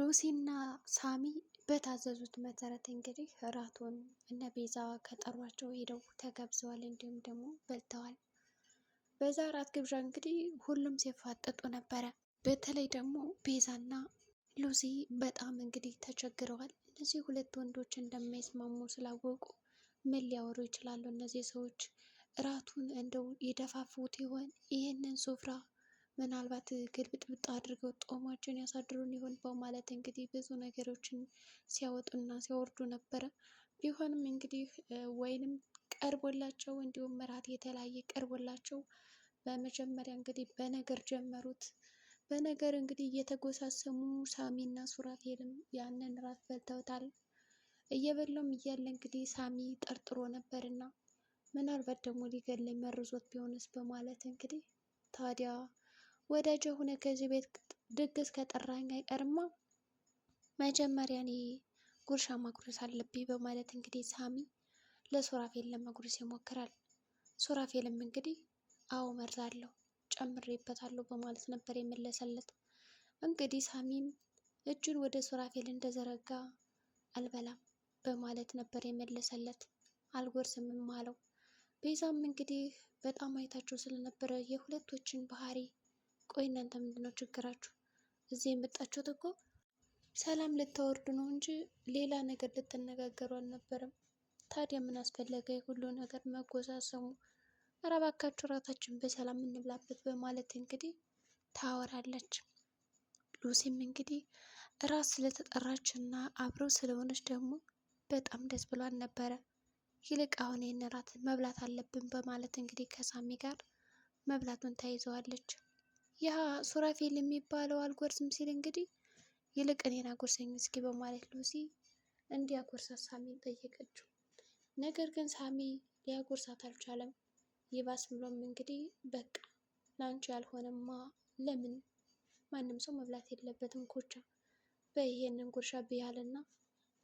ሉሲና ሳሚ በታዘዙት መሰረት እንግዲህ እራቱን እነ ቤዛ ከጠሯቸው ሄደው ተጋብዘዋል። እንዲሁም ደግሞ በልተዋል። በዛ እራት ግብዣ እንግዲህ ሁሉም ሲፋጠጡ ነበረ። በተለይ ደግሞ ቤዛና ሉሲ በጣም እንግዲህ ተቸግረዋል። እነዚህ ሁለት ወንዶች እንደማይስማሙ ስላወቁ ምን ሊያወሩ ይችላሉ? እነዚህ ሰዎች እራቱን እንደው የደፋፉት ይሆን? ይህንን ሱፍራ ምናልባት ግልብጥብጥ አድርገው ጦማቸውን ያሳድሩን ይሆን በማለት እንግዲህ ብዙ ነገሮችን ሲያወጡና ሲያወርዱ ነበረ። ቢሆንም እንግዲህ ወይንም ቀርቦላቸው እንዲሁም ምራት የተለያየ ቀርቦላቸው በመጀመሪያ እንግዲህ በነገር ጀመሩት። በነገር እንግዲህ እየተጎሳሰሙ ሳሚና ሱራፌልም ያንን ራት በልተውታል። እየበላውም እያለ እንግዲህ ሳሚ ጠርጥሮ ነበር እና ምናልባት ደግሞ ሊገለኝ መርዞት ቢሆንስ በማለት እንግዲህ ታዲያ ወዳጅ የሆነ ከዚህ ቤት ድግስ ከጠራኝ አይቀርማ መጀመሪያ እኔ ጉርሻ ማጉረስ አለብኝ በማለት እንግዲህ ሳሚ ለሱራፌል ለመጉረስ ይሞክራል። ሱራፌልም እንግዲህ አዎ መርዛለሁ ጨምሬበታለሁ በማለት ነበር የመለሰለት። እንግዲህ ሳሚም እጁን ወደ ሱራፌል እንደዘረጋ አልበላም በማለት ነበር የመለሰለት። አልጎርስምም አለው። ቤዛም እንግዲህ በጣም አይታቸው ስለነበረ የሁለቶችን ባህሪ ቆይ እናንተ ምንድነው ችግራችሁ? እዚህ የመጣችሁት እኮ ሰላም ልታወርዱ ነው እንጂ ሌላ ነገር ልትነጋገሩ አልነበረም። ታዲያ ምን አስፈለገ የሁሉ ነገር መጎሳሰሙ? ኧረ እባካችሁ እራታችን በሰላም እንብላበት በማለት እንግዲህ ታወራለች። ሉሲም እንግዲህ እራት ስለተጠራች እና አብረው ስለሆነች ደግሞ በጣም ደስ ብሏን ነበረ። ይልቅ አሁን ይህን እራት መብላት አለብን በማለት እንግዲህ ከሳሚ ጋር መብላቱን ተያይዘዋለች። ያ ሱራፌል የሚባለው አልጎርስም ሲል እንግዲህ ይልቅ እኔን አጎርሰኝ እስኪ በማለት ሉሲ እንዲያጎርሳት ሳሚን ጠየቀችው። ነገር ግን ሳሚ ሊያጎርሳት አልቻለም። ይባስ ብሎም እንግዲህ በቃ ለአንቺ ያልሆነማ ለምን ማንም ሰው መብላት የለበትም ኮቻ በይሄንን ጉርሻ ብያልና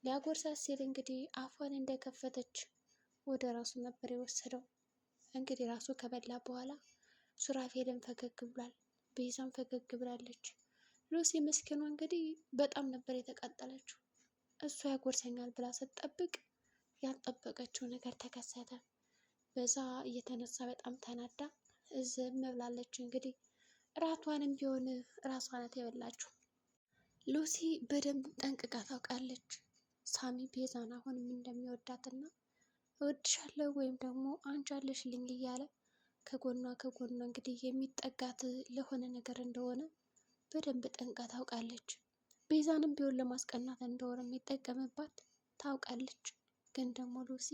ሊያጎርሳት ሲል እንግዲህ አፏን እንደከፈተች ወደ ራሱ ነበር የወሰደው። እንግዲህ ራሱ ከበላ በኋላ ሱራፌልን ፈገግ ብሏል። ቤዛም ፈገግ ብላለች። ሉሲ ምስኪኗ እንግዲህ በጣም ነበር የተቃጠለችው። እሷ ያጎርሰኛል ብላ ስትጠብቅ ያልጠበቀችው ነገር ተከሰተ። በዛ እየተነሳ በጣም ተናዳ ዝም ብላለች። እንግዲህ እራቷንም ቢሆን እራሷ ናት የበላችው። ሉሲ በደንብ ጠንቅቃ ታውቃለች። ሳሚ ቤዛን አሁንም እንደሚወዳትና እወድሻለሁ ወይም ደግሞ አንቺ አለሽልኝ እያለ ከጎኗ ከጎኗ እንግዲህ የሚጠጋት ለሆነ ነገር እንደሆነ በደንብ ጠንቃ ታውቃለች። ቤዛንም ቢሆን ለማስቀናት እንደሆነ የሚጠቀምባት ታውቃለች። ግን ደግሞ ሉሲ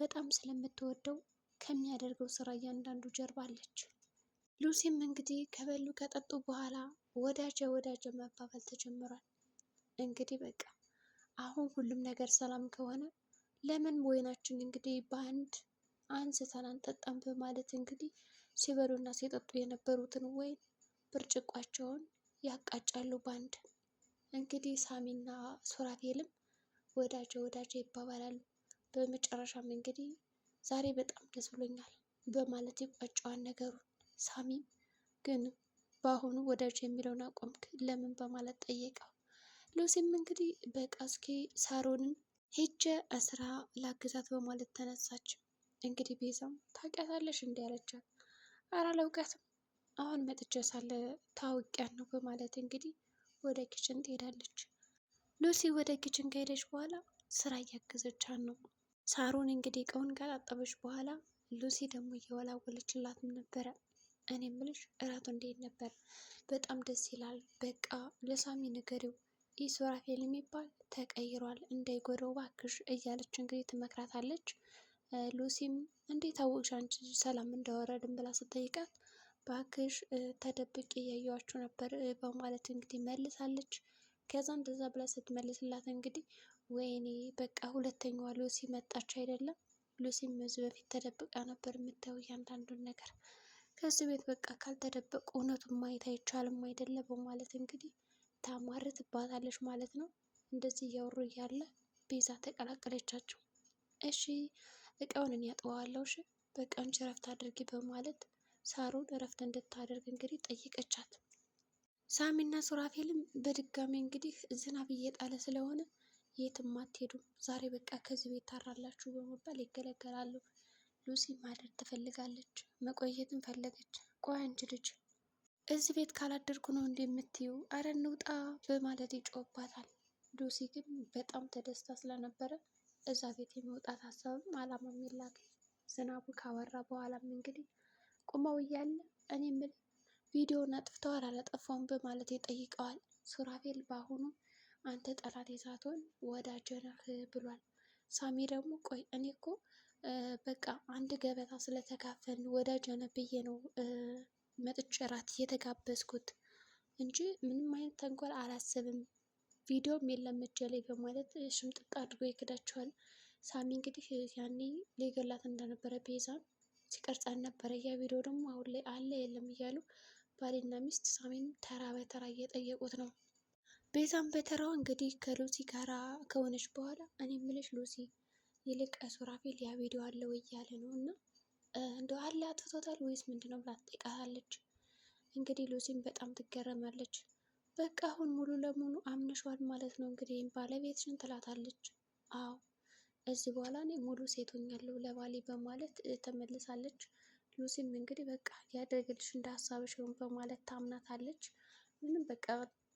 በጣም ስለምትወደው ከሚያደርገው ስራ እያንዳንዱ ጀርባ አለች። ሉሲም እንግዲህ ከበሉ ከጠጡ በኋላ ወዳጀ ወዳጀ መባባል ተጀምሯል። እንግዲህ በቃ አሁን ሁሉም ነገር ሰላም ከሆነ ለምን ወይናችን እንግዲህ በአንድ አንስተን አንጠጣም በማለት እንግዲህ ሲበሉና ሲጠጡ የነበሩትን ወይን ብርጭቋቸውን ያቃጫሉ ባንድ። እንግዲህ ሳሚና ሱራፌልም ወዳጀ ወዳጀ ይባባላሉ። በመጨረሻም እንግዲህ ዛሬ በጣም ደስ ብሎኛል በማለት ይቋጨዋል ነገሩ ሳሚም ግን በአሁኑ ወዳጅ የሚለውን አቆምክ ለምን በማለት ጠየቀው። ሉሲም እንግዲህ በቃ እስኪ ሳሮንን ሄጄ ስራ ላግዛት በማለት ተነሳች። እንግዲህ ቤዛም ታውቂያታለሽ እንዲ ያለቻት፣ ኧረ አላውቃትም አሁን መጥቼ ሳለ ታውቂያት ነው በማለት እንግዲህ ወደ ኪችን ትሄዳለች። ሉሲ ወደ ኪችን ከሄደች በኋላ ስራ እያገዘቻት ነው። ሳሩን እንግዲህ ቀውን ካጣጠበች በኋላ ሉሲ ደግሞ እየወላወለችላትም ነበረ። እኔ ምልሽ እራቱ እንዴት ነበር? በጣም ደስ ይላል። በቃ ለሳሚ ንገሪው ይህ ሱራፌል የሚባል ተቀይሯል፣ እንዳይጎዳው ባክሽ እያለች እንግዲህ ትመክራታለች። ሉሲም እንዴት አወቅሽ አንቺ ሰላም እንዳወረድን ብላ ስትጠይቃት ባክሽ ተደብቄ እያየኋችሁ ነበር በማለት እንግዲህ መልሳለች። ከዛ እንደዛ ብላ ስትመልስላት እንግዲህ ወይኔ በቃ ሁለተኛዋ ሉሲ መጣች አይደለም። ሉሲም እዚህ በፊት ተደብቃ ነበር የምታየው እያንዳንዱን ነገር ከዚህ ቤት በቃ ካልተደበቁ እውነቱን ማየት አይቻልም አይደለ በማለት እንግዲህ ትባታለች ማለት ነው። እንደዚህ እያወሩ እያለ ቤዛ ተቀላቀለቻቸው። እሺ እቃውን እኔ አጥበዋለሁ እሺ በቃ አንቺ እረፍት አድርጊ በማለት ሳሩን እረፍት እንድታደርግ እንግዲህ ሳሚ ሳሚና ሱራፌልም በድጋሚ እንግዲህ ዝናብ እየጣለ ስለሆነ የትም አትሄዱም፣ ዛሬ በቃ ከዚህ ቤት ታራላችሁ በመባል ይገለገላሉ። ሉሲ ማደር ትፈልጋለች፣ መቆየትም ፈለገች። ቆይ አንቺ ልጅ እዚህ ቤት ካላደርኩ ነው እንዴ የምትዩ? አረ እንውጣ በማለት ይጮባታል። ሉሲ ግን በጣም ተደስታ ስለነበረ እዛ ቤት የመውጣት ሀሳብም አላማም የላትም። ዝናቡ ካወራ በኋላም እንግዲህ ቁመው እያለ እኔ ቪዲዮ ቪዲዮውን አጥፍተዋል አላጠፋውም በማለት ይጠይቀዋል። ሱራፌል በአሁኑ አንተ ጠላት የሳትሆን ወዳጅ ነህ ብሏል። ሳሚ ደግሞ ቆይ እኔ እኮ በቃ አንድ ገበታ ስለተካፈን ወዳጅ ነህ ብዬ ነው መጥቼ እራት እንጂ ምንም አይነት ተንኮል አላስብም ቪዲዮም የለም እጄ ላይ በማለት ሽምጥቅ አድርጎ ይክዳቸዋል። ሳሚ እንግዲህ ያኔ ሊገላት እንደነበረ ቤዛን ሲቀርጽ ነበረ። ያ ቪዲዮ ደግሞ አሁን ላይ አለ የለም እያሉ ባሌና ሚስት ሳሚን ተራ በተራ እየጠየቁት ነው። ቤዛም በተራዋ እንግዲህ ከሉሲ ጋራ ከሆነች በኋላ እኔ የምልሽ ሉሲ ይልቅ ሱራፌል ያ ቪዲዮ አለው እያለ ነው እና እንደ አለ አጥፍቶታል ወይስ ምንድነው ብላ ትጠይቃታለች። እንግዲህ ሉሲም በጣም ትገረማለች። በቃ አሁን ሙሉ ለሙሉ አምነሸዋል ማለት ነው እንግዲህ ባለቤትሽን ትላታለች። አዎ እዚህ በኋላ እኔ ሙሉ ሴት ሆኛለሁ ለባሌ በማለት ተመልሳለች። ሉሲም እንግዲህ በቃ ያደረገልሽ እንደ ሀሳብሽ ይሁን በማለት ታምናታለች። ምንም በቃ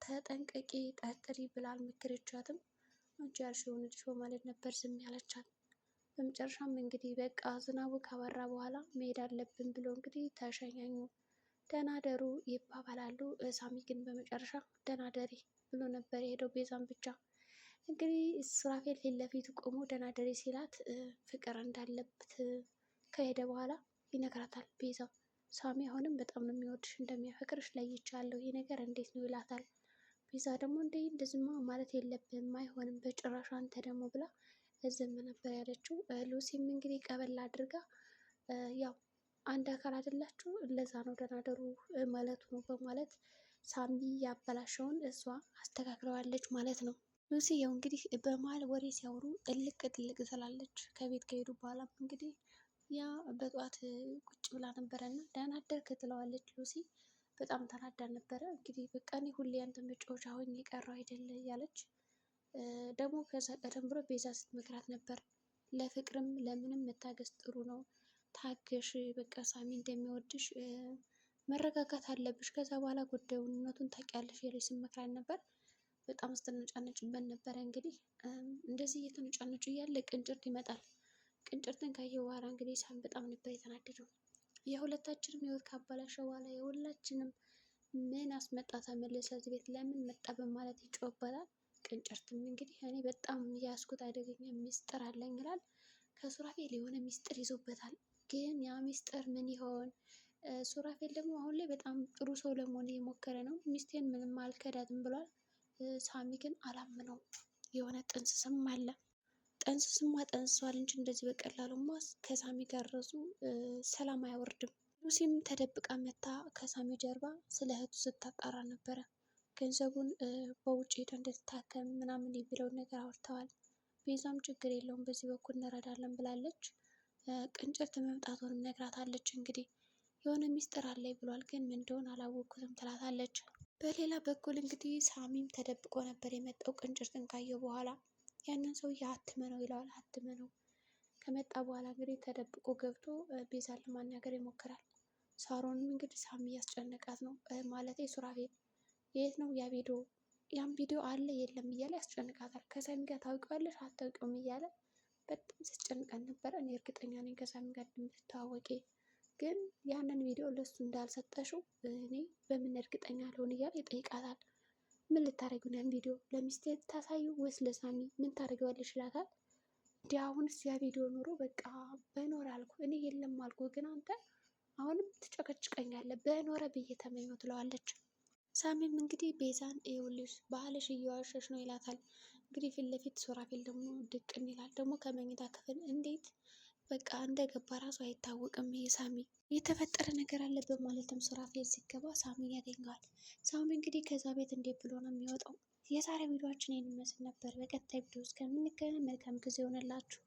ተጠንቀቂ፣ ጠርጥሪ ብላ አልመከረቻትም። አንቺ ያልሽ የሆነልሽ በማለት ነበር ዝም ያለቻት። በመጨረሻም እንግዲህ በቃ ዝናቡ ካበራ በኋላ መሄድ አለብን ብሎ እንግዲህ ተሸኛኙ። ደናደሩ ይባባላሉ። ሳሚ ግን በመጨረሻ ደናደሪ ብሎ ነበር የሄደው ቤዛን ብቻ። እንግዲህ ሱራፌል ፊት ለፊቱ ቆሞ ደናደሪ ሲላት ፍቅር እንዳለበት ከሄደ በኋላ ይነግራታል። ቤዛ ሳሚ አሁንም በጣም ነው የሚወድሽ እንደሚያፈቅርሽ ለይቻለሁ፣ ይህ ነገር እንዴት ነው ይላታል። ቤዛ ደግሞ እንዴ እንደዚህማ ማለት የለብህም አይሆንም በጭራሽ አንተ ደግሞ ብላ ዝም ነበር ያለችው። ሉሲም እንግዲህ ቀበል አድርጋ ያው አንድ አካል አይደላችሁ ለዛ ነው ደህና ደሩ ማለቱ ነው በማለት ሳሚ ያበላሸውን እሷ አስተካክለዋለች ማለት ነው። ሉሲ ያው እንግዲህ በመሀል ወሬ ሲያወሩ እልቅ ጥልቅ ስላለች ከቤት ከሄዱ በኋላም እንግዲህ ያ በጠዋት ቁጭ ብላ ነበረ እና ደህና አደርክ ትለዋለች ሉሲ በጣም ተናዳ ነበረ። እንግዲህ በቃ እኔ ሁሌ ያንተ መጫወቻ ሆኜ የቀረው አይደለ እያለች ደግሞ ከዛ ቀደም ብሎ ቤዛ ስትመክራት ነበር። ለፍቅርም ለምንም መታገስ ጥሩ ነው ታገሽ፣ በቃ ሳሚ እንደሚወድሽ መረጋጋት አለብሽ። ከዛ በኋላ ጉዳዩን እውነቱን ታውቂያለሽ የለሽ ነበር። በጣም ስትነጫነጭበት ነበረ። እንግዲህ እንደዚህ እየተነጫነጩ እያለ ቅንጭርት ይመጣል። ቅንጭርትን ካየ በኋላ እንግዲህ ሳሚ በጣም ነበር የተናደደው። የሁለታችንም ህይወት ካባላሸ በኋላ የሁላችንም ምን አስመጣ ተመልሰ እዚህ ቤት ለምን መጣ በማለት ይጮህበታል። ቅንጭርትም እንግዲህ እኔ በጣም የያዝኩት አደገኛ ሚስጥር አለኝ ይላል። ከሱራፌል የሆነ ሚስጥር ይዞበታል። ግን ያ ሚስጥር ምን ይሆን? ሱራፌል ደግሞ አሁን ላይ በጣም ጥሩ ሰው ለመሆን እየሞከረ ነው። ሚስቴን ምንም አልከዳትም ብሏል። ሳሚ ግን አላምነው። የሆነ ጥንስስም አለ። ጠንስስማ ጠንስሷል እንጂ እንደዚህ በቀላሉማ ከሳሚ ጋር ራሱ ሰላም አያወርድም። ሉሲም ተደብቃ መታ ከሳሚ ጀርባ ስለ እህቱ ስታጣራ ነበረ። ገንዘቡን በውጭ ሄዶ እንድትታከም ምናምን የሚለውን ነገር አውርተዋል። ቤዛም ችግር የለውም በዚህ በኩል እንረዳለን ብላለች። ቅንጭት መምጣቱንም ነግራታለች። እንግዲህ የሆነ ሚስጥር አለኝ ብሏል፣ ግን ምን እንደሆነ አላወቅኩትም ትላታለች። በሌላ በኩል እንግዲህ ሳሚም ተደብቆ ነበር የመጣው ቅንጭርትን ካየው በኋላ ያንን ሰውዬ አትመነው ይለዋል። ነው ከመጣ በኋላ እንግዲህ ተደብቆ ገብቶ ቤዛን ለማናገር ይሞክራል። ሳሮንም እንግዲህ ሳሚ እያስጨነቃት ነው ማለት ሱራፌል የት ነው ያ ቪዲዮ ያም ቪዲዮ አለ የለም እያለ ያስጨንቃታል። ከሳሚ ጋር ታውቂዋለሽ አታውቂውም እያለ በጣም ስትጨንቀን ነበረ እኔ እርግጠኛ ነኝ ከሳሚ ጋር እንደምትተዋወቂ፣ ግን ያንን ቪዲዮ ለሱ እንዳልሰጠሽው እኔ በምን እርግጠኛ ልሆን እያለ ይጠይቃታል። ምን ልታደርጊ ነው? ያን ቪዲዮ ለሚስቴ ታሳዩ ወይስ ለሳሚ ምን ታደርጊዋለሽ? ይላታል። እንዲ አሁንስ ያ ቪዲዮ ኑሮ በቃ በኖረ አልኩ እኔ የለም አልኩ፣ ግን አንተ አሁንም ትጨቀጭቀኛለህ በኖረ ብዬ ተመኘው ትለዋለች። ሳሚም እንግዲህ ቤዛን ይኸውልሽ ባህልሽ እየዋሸሽ ነው ይላታል። እንግዲህ ፊት ለፊት ሱራፌል ደግሞ ድቅን ይላል። ደግሞ ከመኝታ ክፍል እንዴት በቃ እንደገባ ራሱ አይታወቅም። ይሄ ሳሚ የተፈጠረ ነገር አለበት ማለትም ሱራፌል ሲገባ ሳሚ ያገኘዋል። ሳሚ እንግዲህ ከዛ ቤት እንዴት ብሎ ነው የሚወጣው? የዛሬ ቪዲዮችን ይህን ነበር። በቀጣይ ቪዲዮ እስከምንገናኝ መልካም ጊዜ ይሆንላችሁ።